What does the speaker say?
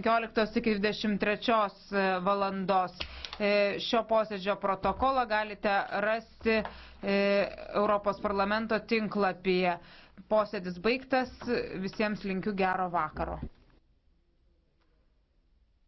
15 iki 23 e, valandos. E, šio posėdžio protokolą galite rasti e, Europos parlamento tinklapyje. Posėdis baigtas, visiems linkiu gero vakaro.